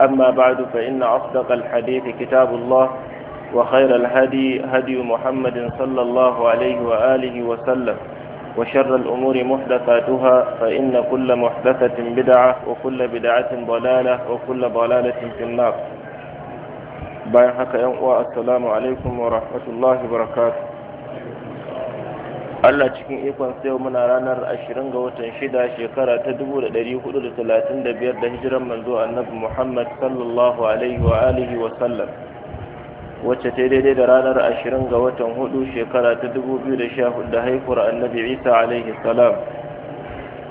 أما بعد فإن أصدق الحديث كتاب الله وخير الهدي هدي محمد صلى الله عليه وآله وسلم وشر الأمور محدثاتها فإن كل محدثة بدعة وكل بدعة ضلالة وكل ضلالة في النار بايحك يوم السلام عليكم ورحمة الله وبركاته Allah cikin ikon sayo muna ranar 20 ga watan 6 shekara ta 1435 da hijiran manzo annabi Muhammad sallallahu alaihi wa alihi wa sallam wacce ta daidai da ranar 20 ga watan 4 shekara ta 2014 da haihuwar annabi Isa alaihi salam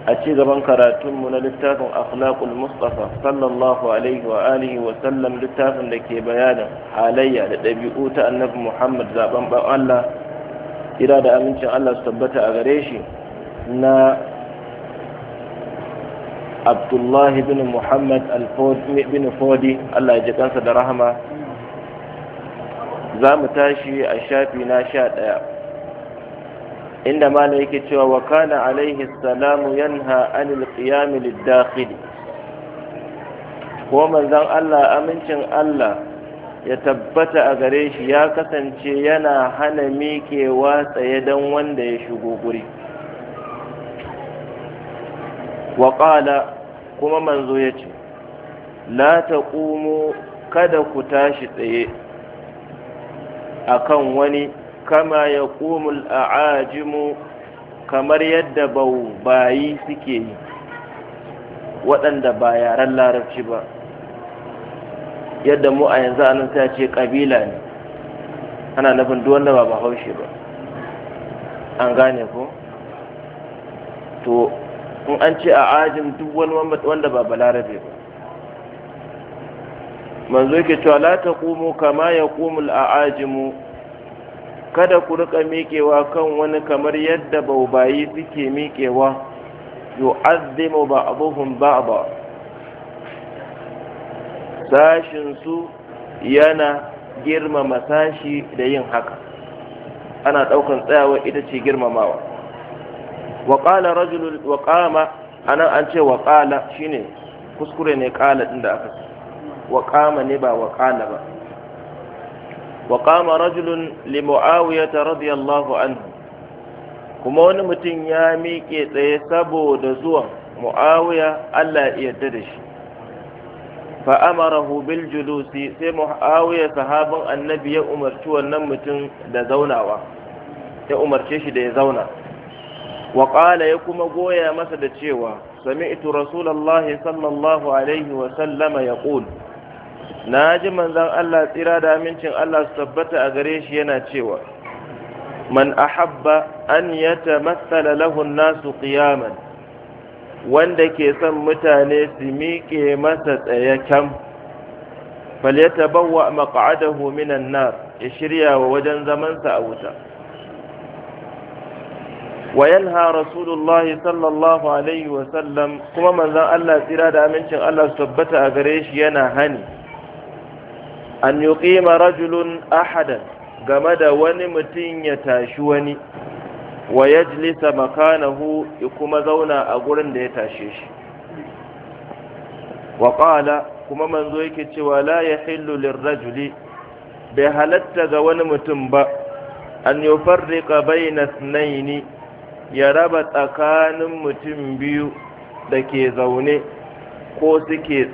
a ci gaban karatunmu na littafin akhlaqul mustafa sallallahu alaihi wa alihi wa sallam littafin da ke bayanin halayya da ɗabi'u ta annabi Muhammad zaben Allah kira da amincin Allah su tabbata a gare shi na abdullahi bin muhammad bin fodi Allah ya ji kansa da rahama za mu tashi a shafi na sha ɗaya inda mala yake cewa wa kana alaihi salamu yanha anil qiyami lid-dakhili ko manzon Allah amincin Allah ya tabbata a gare shi ya kasance yana hana miƙewa tsaye don wanda ya shigo guri waƙala kuma manzo ya ce la ta kada ku tashi tsaye akan wani kama ya ƙumul a'ajimu kamar yadda bau bayi suke yi waɗanda ba yaren larabci ba yadda mu a yanzu anan sai ce kabila ne ana nufin duk wanda ba bahaushe ba an gane ko to in an ce a ajin duk wani wanda ba balarabe ba manzo yake cewa la kuma kama ya a ajinmu. kada ku rika miƙewa kan wani kamar yadda baubayi suke miƙewa abuhun ba ba sashinsu yana girmama sashi da yin haka ana daukan tsayawa ita ce girmamawa waƙala rajulun waƙama a nan an ce waƙala shine kuskure ne ƙala ɗin da aka waƙama ne ba waƙala ba waƙama rajulun limu'awiyata radiyallahu anhu kuma wani mutum ya miƙe tsaye saboda zuwan mu'awiya allah ya yarda da shi fa amarahu bil julusi sai muawiya sahabin annabi ya umarci wannan mutum da zaunawa ya umarce shi da ya zauna wa qala ya kuma goya masa da cewa sami'tu rasulullahi sallallahu alaihi wa sallama yaqul na ji manzon Allah tsira da amincin Allah su tabbata a gare shi yana cewa man ahabba an yatamassala lahu an-nasu qiyaman wanda ke son mutane su miƙe masa tsaye can falyata bawa maƙa'adahu minan nar ya shirya wa wajen zamansa a wuta Wayan yanha rasulullah sallallahu alaihi wa sallam kuma manzon Allah tsira da amincin Allah su tabbata a gare shi yana hani an yuqima rajulun ahadan game da wani mutum ya tashi wani wa yajlisa makanahu ya kuma zauna a gurin da ya tashe shi wa qala kuma manzo yake cewa la ya hillu lirrajuli bai halatta ga wani mutum ba an yufarriqa bayna ithnaini ya raba tsakanin mutum biyu da ke zaune ko suke